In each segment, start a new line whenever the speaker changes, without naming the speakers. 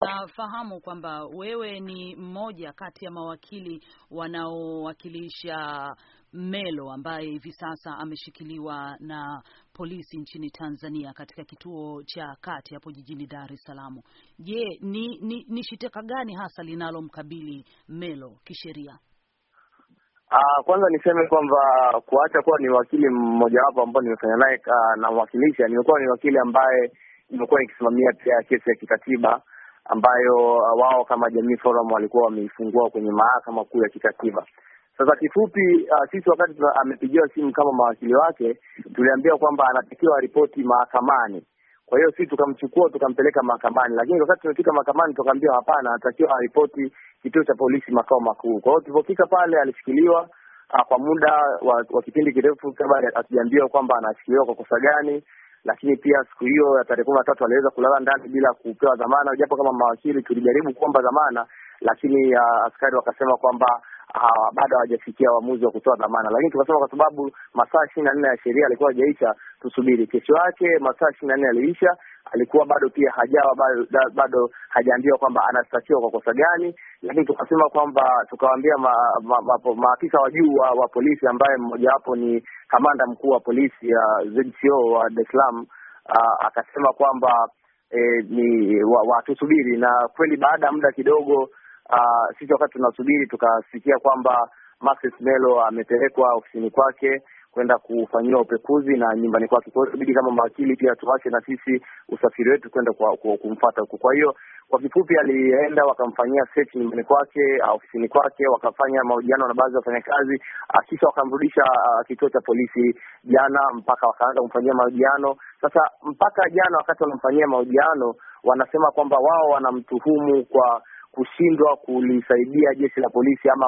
Nafahamu kwamba wewe ni mmoja kati ya mawakili wanaowakilisha Melo ambaye hivi sasa ameshikiliwa na polisi nchini Tanzania katika kituo cha kati hapo jijini Dar es Salaam. Je, ni, ni, ni shitaka gani hasa linalomkabili Melo kisheria?
Uh, kwanza niseme kwamba kuacha kuwa ni wakili mmojawapo ambao nimefanya naye uh, namwakilisha, nimekuwa ni wakili ambaye nimekuwa nikisimamia pia kesi ya kikatiba ambayo uh, wao kama Jamii Forum walikuwa wameifungua kwenye mahakama kuu ya kikatiba. Sasa kifupi, uh, sisi wakati amepigiwa simu kama mawakili wake tuliambia kwamba anatakiwa ripoti mahakamani. Kwa hiyo sisi tukamchukua tukampeleka mahakamani, lakini wakati tumefika mahakamani tukaambia hapana, anatakiwa aripoti kituo cha polisi makao makuu. Kwa hiyo tulipofika pale alishikiliwa uh, kwa muda wa, wa kipindi kirefu kabla hatujaambiwa kwamba anashikiliwa kwa kosa gani, lakini pia siku hiyo ya tarehe kumi na tatu aliweza kulala ndani bila kupewa dhamana, japo kama mawakili tulijaribu kuomba dhamana, lakini uh, askari wakasema kwamba uh, bado hawajafikia uamuzi wa kutoa dhamana. Lakini tukasema kwa sababu masaa ishirini na nne ya sheria alikuwa hajaisha, tusubiri kesho yake. Masaa ishirini na nne yaliisha alikuwa bado pia hajawa bado, bado hajaambiwa kwamba anastakiwa kwa kosa gani, lakini tukasema kwamba tukawaambia maafisa ma, ma, ma, ma, wa juu wa, polisi ambaye mmojawapo ni kamanda mkuu wa polisi ya ZCO wa Dar es Salaam akasema kwamba e, ni watusubiri wa, na kweli baada ya muda kidogo sisi wakati tunasubiri tukasikia kwamba Moses Melo amepelekwa ofisini kwake kwenda kufanyiwa upekuzi na nyumbani kwake. Kwa hiyo kama mawakili pia tuache na sisi usafiri wetu kwenda kumfata huko. Kwa hiyo kwa kifupi, alienda wakamfanyia search nyumbani kwake, uh, ofisini kwake, wakafanya mahojiano na baadhi ya wafanyakazi, kisha wakamrudisha uh, kituo cha polisi jana, mpaka wakaanza kumfanyia mahojiano. Sasa mpaka jana wakati wanamfanyia mahojiano, wanasema kwamba wao wanamtuhumu kwa kushindwa kulisaidia jeshi la polisi ama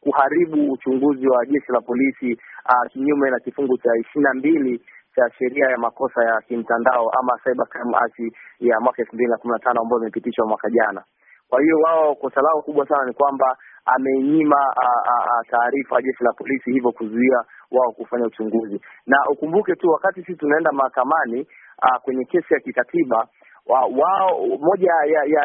kuharibu uchunguzi wa jeshi la polisi uh, kinyume na kifungu cha ishirini na mbili cha sheria ya makosa ya kimtandao ama Cyber Crime Act ya mwaka elfu mbili na kumi na tano ambayo imepitishwa mwaka jana. Kwa hiyo wao kosa lao kubwa sana ni kwamba amenyima ah, ah, taarifa jeshi la polisi, hivyo kuzuia wao kufanya uchunguzi. Na ukumbuke tu wakati sisi tunaenda mahakamani kwenye kesi ya kikatiba wao moja ya ya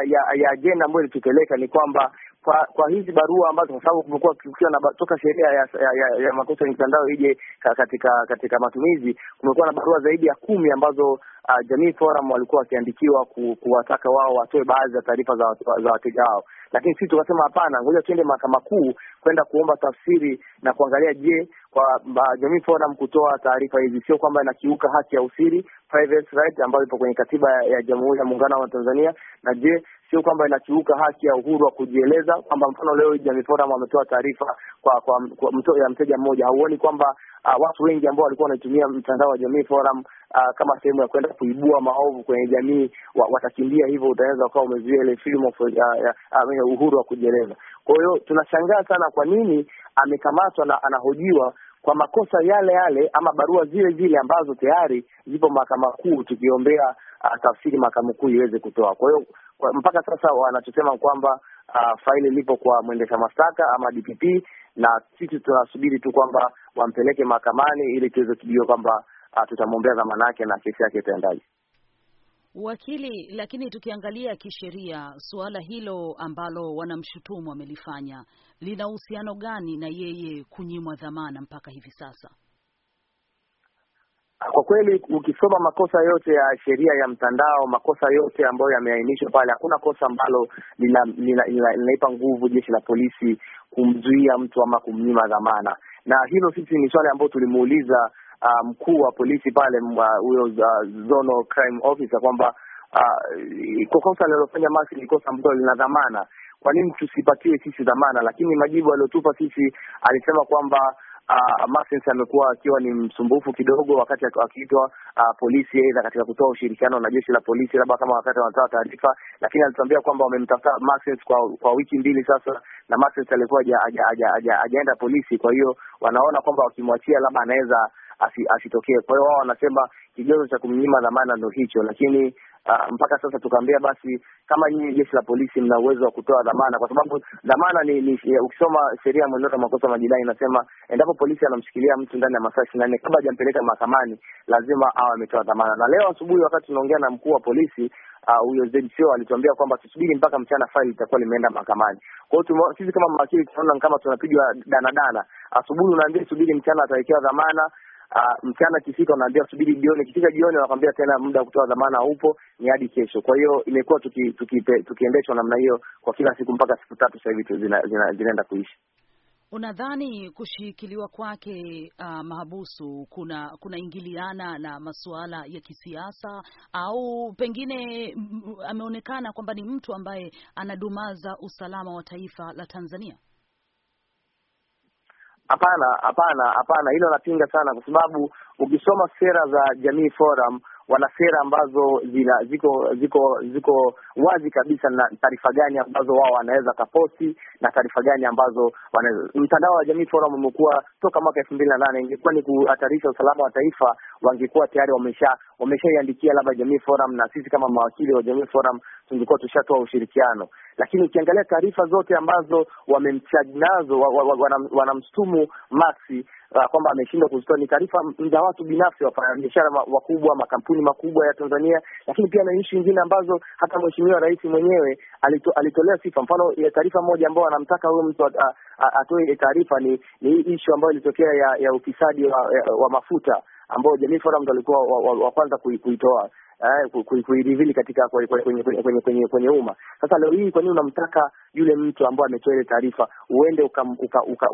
ajenda ya, ya ambayo ilitupeleka ni kwamba kwa kwa hizi barua ambazo, kwa sababu kumekuwa kukiwa na toka sheria ya, ya, ya, ya makosa ya mitandao ije katika katika matumizi, kumekuwa na barua zaidi ya kumi ambazo uh, Jamii Forum walikuwa wakiandikiwa ku, kuwataka wao watoe baadhi ya taarifa za, za wateja wao, lakini sisi tukasema hapana, ngoja tuende mahakama kuu kwenda kuomba tafsiri na kuangalia, je, kwa Jamii Forum kutoa taarifa hizi sio kwamba inakiuka haki ya usiri, private right, ambayo ipo kwenye katiba ya Jamhuri ya Muungano wa Tanzania, na je sio kwamba inakiuka haki ya uhuru wa kujieleza, kwamba mfano leo Jamii Forum wametoa taarifa kwa, kwa, kwa mto, ya mteja mmoja. Hauoni kwamba uh, watu wengi ambao walikuwa wanaitumia mtandao wa Jamii Forum uh, kama sehemu ya kwenda kuibua maovu kwenye jamii wa, watakimbia hivyo, utaweza ukawa umezuia ile freedom of uh, uh, uhuru wa kujieleza. Kwa hiyo tunashangaa sana kwa nini amekamatwa na anahojiwa kwa makosa yale yale ama barua zile zile ambazo tayari zipo mahakama kuu, tukiombea Uh, tafsiri mahakamu kuu iweze kutoa. Kwa hiyo mpaka sasa wanachosema kwamba uh, faili lipo kwa mwendesha mashtaka ama DPP, na sisi tunasubiri tu kwamba wampeleke mahakamani ili tuweze kujua kwamba uh, tutamwombea dhamana yake na kesi yake itaendaje.
Wakili, lakini tukiangalia kisheria, suala hilo ambalo wanamshutumu wamelifanya lina uhusiano gani na yeye kunyimwa dhamana mpaka hivi sasa?
Kwa kweli ukisoma makosa yote ya sheria ya mtandao, makosa yote ambayo yameainishwa pale, hakuna kosa ambalo linaipa lina, lina, lina nguvu jeshi la polisi kumzuia mtu ama kumnyima dhamana, na hilo sisi ni swali ambayo tulimuuliza uh, mkuu wa polisi pale huyo uh, zono crime officer kwamba uh, kosa linalofanya Masi ni kosa ambalo lina dhamana, kwa nini tusipatie sisi dhamana? Lakini majibu aliyotupa sisi alisema kwamba Ah, Masens amekuwa akiwa ni msumbufu kidogo wakati akiitwa uh, polisi, aidha katika kutoa ushirikiano na jeshi la polisi, labda kama wakati wanatoa taarifa, lakini alituambia kwamba wamemtafuta Masens kwa, kwa wiki mbili sasa na Masens alikuwa hajaenda polisi, kwa hiyo wanaona kwamba wakimwachia labda anaweza asitokee. Kwa hiyo wao wanasema kigezo cha kumnyima dhamana ndo hicho, lakini uh, mpaka sasa tukaambia basi, kama nyinyi jeshi la polisi mna uwezo wa kutoa dhamana, kwa sababu dhamana ni, ni ukisoma sheria ya mwenendo wa makosa majinai inasema endapo polisi anamshikilia mtu ndani ya masaa ishirini na nne kabla hajampeleka mahakamani lazima awe ametoa dhamana. Na leo asubuhi wakati tunaongea na mkuu wa polisi ah, huyo uh, ZCO alituambia kwamba tusubiri mpaka mchana faili litakuwa limeenda mahakamani. Kwa hiyo sisi kama mawakili tunaona kama tunapigwa danadana. Asubuhi unaambia subiri, mchana atawekewa dhamana uh, mchana kifika unaambia subiri jioni, kifika jioni wanakwambia tena muda wa kutoa dhamana haupo, ni hadi kesho. Kwa hiyo imekuwa tukiendeshwa tuki, namna hiyo kwa kila siku mpaka siku tatu sasa hivi zinaenda zina, zina kuishi.
Unadhani kushikiliwa kwake uh, mahabusu kuna kunaingiliana na masuala ya kisiasa au pengine ameonekana kwamba ni mtu ambaye anadumaza usalama wa taifa la Tanzania?
Hapana, hapana, hapana, hilo napinga sana, kwa sababu ukisoma sera za Jamii Forum wana sera ambazo zina ziko ziko ziko wazi kabisa na taarifa gani ambazo wao wanaweza kaposti na taarifa gani ambazo wanaweza. Mtandao wa Jamii Forum umekuwa toka mwaka elfu mbili na nane. Ingekuwa ni kuhatarisha usalama wa taifa, wangekuwa tayari wamesha wameshaiandikia labda Jamii Forum, na sisi kama mawakili wa Jamii Forum tungekuwa tushatoa ushirikiano lakini ukiangalia taarifa zote ambazo wamemchaji nazo wanamshtumu wa, wa, wa, wa, Maxi Ah, kwamba ameshindwa kuzitoa. Ni taarifa za watu binafsi, wafanyabiashara wakubwa, makampuni makubwa ya Tanzania, lakini pia na ishu nyingine ambazo hata mheshimiwa rais mwenyewe alito, alitolea sifa. Mfano ya taarifa moja ambao anamtaka huyo mtu atoe taarifa ni ni ishu ambayo ilitokea ya, ya ufisadi wa, ya, wa mafuta ambao Jamii Forum walikuwa wa, wa, wa kwanza kuitoa Eh, kuidivili katika kwenye kwenye umma. Sasa leo hii, kwa nini unamtaka yule mtu ambaye ametoa ile taarifa uende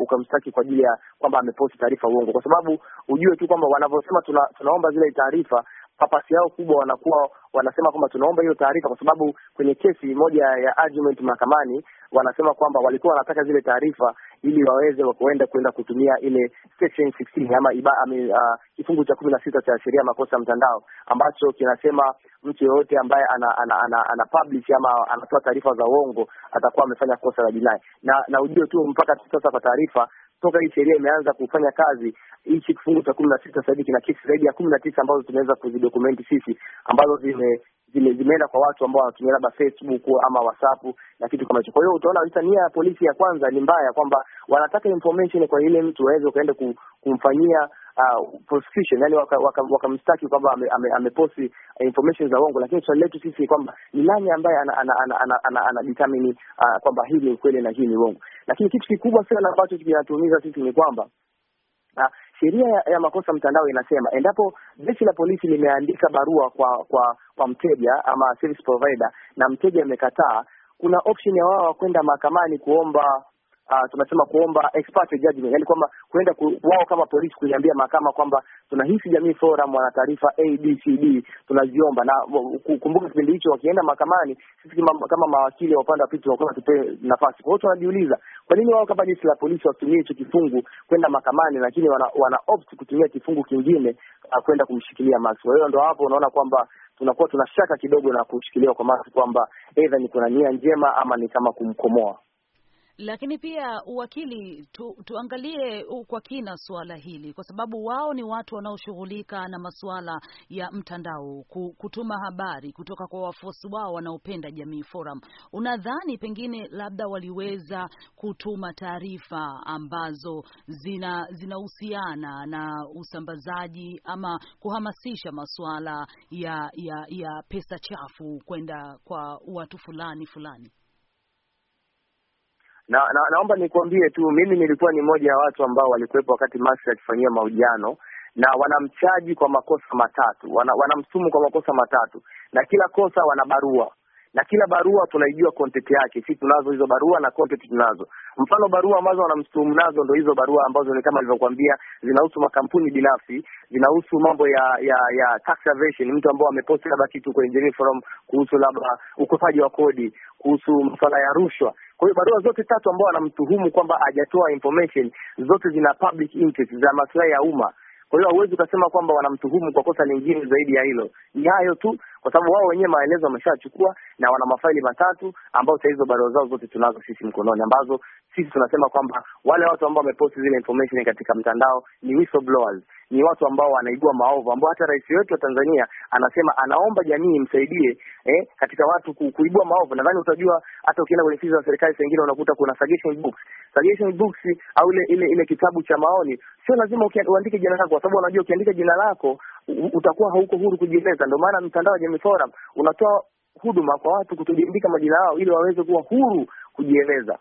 ukamstaki kwa ajili ya kwamba ameposti taarifa uongo? Kwa sababu ujue tu kwamba wanavyosema tuna, tunaomba zile taarifa papasi yao kubwa wanakuwa wanasema kwamba tunaomba hiyo taarifa, kwa sababu kwenye kesi moja ya argument mahakamani wanasema kwamba walikuwa wanataka zile taarifa ili waweze kuenda kwenda kutumia ile section 16 ama iba, ame, uh, kifungu cha kumi na sita cha sheria makosa mtandao ambacho kinasema mtu yeyote ambaye ana, ana, ana, ana publish ama anatoa taarifa za uongo atakuwa amefanya kosa la jinai, na na ujue tu mpaka sasa kwa taarifa toka hii sheria imeanza kufanya kazi hichi kifungu cha kumi na sita sasa hivi kina kesi zaidi ya kumi na tisa ambazo tumeweza kuzidokumenti sisi ambazo zime zimeenda zime kwa watu ambao wanatumia labda Facebook ama WhatsApp na kitu kama hicho. Kwa hiyo utaona kabisa nia ya polisi ya kwanza ni mbaya, kwamba wanataka information kwa ile mtu waweze ukaenda kumfanyia uh, prosecution, yani wakamstaki waka, waka kwamba ameposti ame, ame uh, information za uongo. Lakini swali letu sisi kwamba ni nani ambaye ana, uh, kwamba hii ni ukweli na hii ni uongo. Lakini kitu kikubwa sana ambacho kinatuumiza sisi ni kwamba uh, sheria ya, ya makosa mtandao inasema endapo jeshi la polisi limeandika barua kwa kwa kwa mteja ama service provider na mteja amekataa, kuna option ya wao kwenda mahakamani kuomba uh, tunasema kuomba expert judgment, yani kwamba kuenda ku, wao kama polisi kuiambia mahakama kwamba tunahisi Jamii Forum wana taarifa abcd tunaziomba. Na kumbuka kipindi hicho wakienda mahakamani, sisi kama mawakili wa upande wa pili tunakuwa tupe nafasi. Kwa hiyo tunajiuliza kwa nini wao kama jeshi la polisi watumie hicho kifungu kwenda mahakamani, lakini wana, wana opt kutumia kifungu kingine uh, kwenda kumshikilia Max. Kwa hiyo ndo hapo unaona kwamba tunakuwa tunashaka kidogo na kushikiliwa kwa Max kwamba aidha ni kuna nia njema ama ni kama kumkomoa.
Lakini pia uwakili tu, tuangalie kwa kina suala hili, kwa sababu wao ni watu wanaoshughulika na masuala ya mtandao, kutuma habari kutoka kwa wafuasi wao wanaopenda Jamii Forum. Unadhani pengine labda waliweza kutuma taarifa ambazo zinahusiana zina na usambazaji ama kuhamasisha masuala ya, ya, ya pesa chafu kwenda kwa watu fulani fulani?
na, na naomba nikuambie tu, mimi nilikuwa ni mmoja ya watu ambao walikuwepo wakati Masi akifanyia mahojiano na wanamchaji kwa makosa matatu, wana, wanamsumu kwa makosa matatu, na kila kosa wana barua na kila barua tunaijua content yake, si tunazo hizo barua na content tunazo. Mfano barua ambazo wanamstumu nazo ndo hizo barua ambazo ni kama nilivyokuambia, zinahusu makampuni binafsi, zinahusu mambo ya ya ya tax evasion, mtu ambao ameposti labda kitu kwa engineering Forum kuhusu labda ukwepaji wa kodi, kuhusu masuala ya rushwa. Kwa hiyo barua zote tatu ambao wanamtuhumu kwamba hajatoa information zote zina public interest, za maslahi ya umma. Kwa hiyo hauwezi ukasema kwamba wanamtuhumu kwa kosa lingine zaidi ya hilo. Ni hayo tu, kwa sababu wao wenyewe maelezo wameshachukua na wana mafaili matatu ambao sasa hizo barua zao zote tunazo sisi mkononi, ambazo sisi tunasema kwamba wale watu ambao wameposti zile information katika mtandao ni whistleblowers ni watu ambao wanaigua maovu, ambao hata rais wetu wa Tanzania anasema anaomba jamii imsaidie eh, katika watu kuibua maovu. Nadhani utajua hata ukienda kwenye ofisi za serikali sengine unakuta kuna suggestion books. Suggestion books au ile ile ile kitabu cha maoni, sio lazima uandike jina lako, kwa sababu unajua ukiandika jina lako utakuwa hauko huru kujieleza. Ndio maana mtandao wa Jamii Forum unatoa huduma kwa watu kutojiandika majina yao ili waweze kuwa huru kujieleza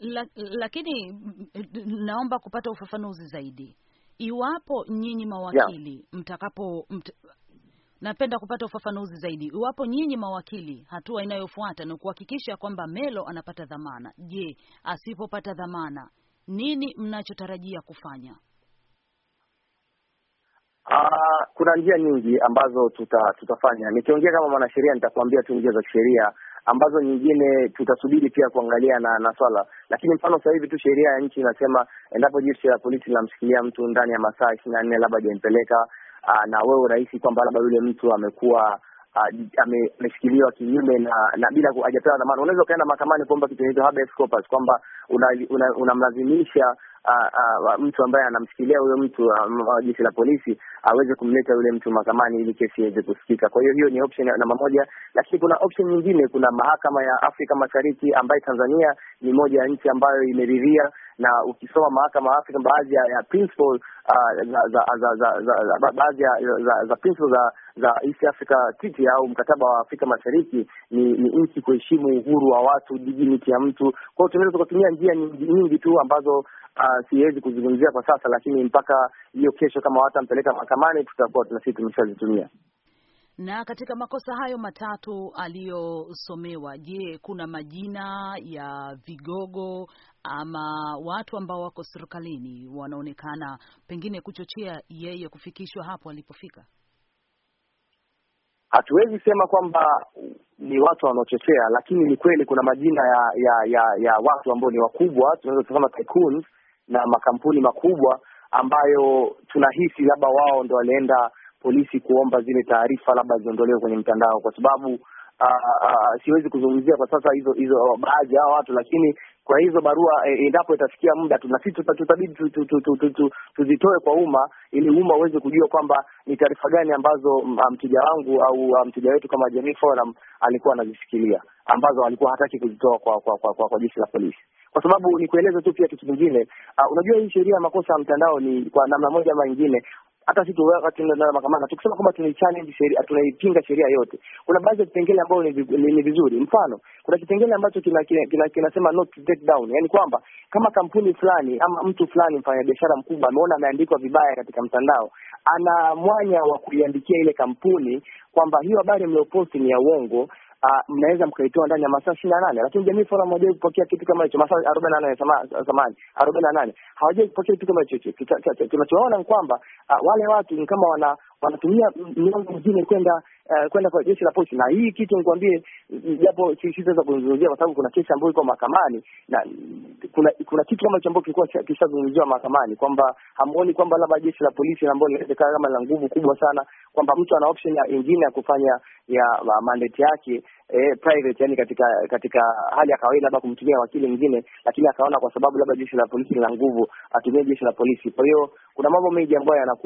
la, lakini naomba kupata ufafanuzi zaidi iwapo nyinyi mawakili yeah, mtakapo mt, napenda kupata ufafanuzi zaidi iwapo nyinyi mawakili, hatua inayofuata ni kuhakikisha kwamba Melo anapata dhamana. Je, asipopata dhamana, nini mnachotarajia kufanya?
Uh, kuna njia nyingi ambazo tuta, tutafanya. Nikiongea kama mwanasheria nitakuambia tu njia za kisheria ambazo nyingine tutasubiri pia kuangalia na na swala, lakini mfano sasa hivi tu sheria ya nchi inasema endapo jeshi la polisi linamshikilia mtu ndani ya masaa ishirini na nne labda hajampeleka ah, na wewe urahisi kwamba labda yule mtu amekuwa Ah, ameshikiliwa kinyume na na bila hajapewa dhamana. Unaweza ukaenda mahakamani kuomba kitu hicho habeas corpus, kwamba unamlazimisha una, una Uh, uh, mtu ambaye anamshikilia huyo mtu uh, jeshi la polisi aweze uh, kumleta yule mtu mahakamani ili kesi iweze kusikika. Kwa hiyo hiyo ni option namba moja, lakini kuna option nyingine. Kuna mahakama ya Afrika Mashariki ambaye Tanzania ni moja ya nchi ambayo imeridhia na ukisoma mahakama ya Afrika, baadhi ya principle baadhi za principle za za East Africa Treaty au mkataba wa Afrika Mashariki ni, ni nchi kuheshimu uhuru wa watu, dignity ya mtu. Kwa hiyo tunaweza tukatumia njia nyingi, nyingi tu ambazo uh, siwezi kuzungumzia kwa sasa, lakini mpaka hiyo kesho, kama watampeleka mahakamani,
tutakuwa tunasii tumeshazitumia. Na katika makosa hayo matatu aliyosomewa, je, kuna majina ya vigogo ama watu ambao wako serikalini wanaonekana pengine kuchochea yeye kufikishwa hapo alipofika?
Hatuwezi sema kwamba ni watu wanaochochea, lakini ni kweli kuna majina ya ya ya, ya watu ambao ni wakubwa, tunaweza kusema tycoons na makampuni makubwa ambayo tunahisi labda wao ndo walienda polisi kuomba zile taarifa labda ziondolewe kwenye mtandao, kwa sababu ah, ah, ah, siwezi kuzungumzia kwa sasa hizo hizo baadhi ya watu, lakini kwa hizo barua e, endapo itafikia muda tu na sisi tutabidi tuzitoe kwa umma, ili umma uweze kujua kwamba ni taarifa gani ambazo mm, mteja wangu au mteja wetu kama Jamii Forum alikuwa anazishikilia, ambazo alikuwa hataki kuzitoa kwa kwa kwa, kwa, kwa jeshi la polisi, kwa sababu ni kueleza tu pia kitu kingine. Uh, unajua hii sheria ya makosa ya mtandao ni kwa namna moja ama nyingine hata sisi wakati tunaenda mahakamani tukisema kwamba challenge sheria, tunaipinga sheria yote, kuna baadhi ya vipengele ambayo ni vizuri. Mfano, kuna kipengele ambacho kinasema kina, kina, kina, not to take down, yani kwamba kama kampuni fulani ama mtu fulani mfanya biashara mkubwa ameona ameandikwa vibaya katika mtandao, ana mwanya wa kuiandikia ile kampuni kwamba hiyo habari mlioposti ni ya uongo Ah, mnaweza mkaitoa ndani ya masaa ishirini na nane lakini Jamii Forum hawajawai kupokea kitu kama hicho, masaa arobaini na nane samani, arobaini na nane hawajawai kupokea kitu kama hicho. Tunachoona ni kwamba ah, wale watu ni kama wana wanatumia mlango mwingine kwenda uh, kwenda kwa jeshi la polisi. Na hii kitu nikwambie, japo sitaweza kuzungumzia kwa sababu kuna kesi ambayo iko mahakamani na kuna kuna kitu kama hicho ambacho kilikuwa kishazungumziwa mahakamani kwamba hamuoni kwamba labda jeshi la polisi ambalo linaweza kaa kama la nguvu kubwa sana, kwamba mtu ana option ya ingine ya kufanya ya mandate yake eh, private yani katika katika hali ya kawaida, labda kumtumia wakili mwingine, lakini akaona kwa sababu labda jeshi la polisi lina nguvu, atumie jeshi la polisi. Kwa hiyo kuna mambo mengi ambayo yanakuwa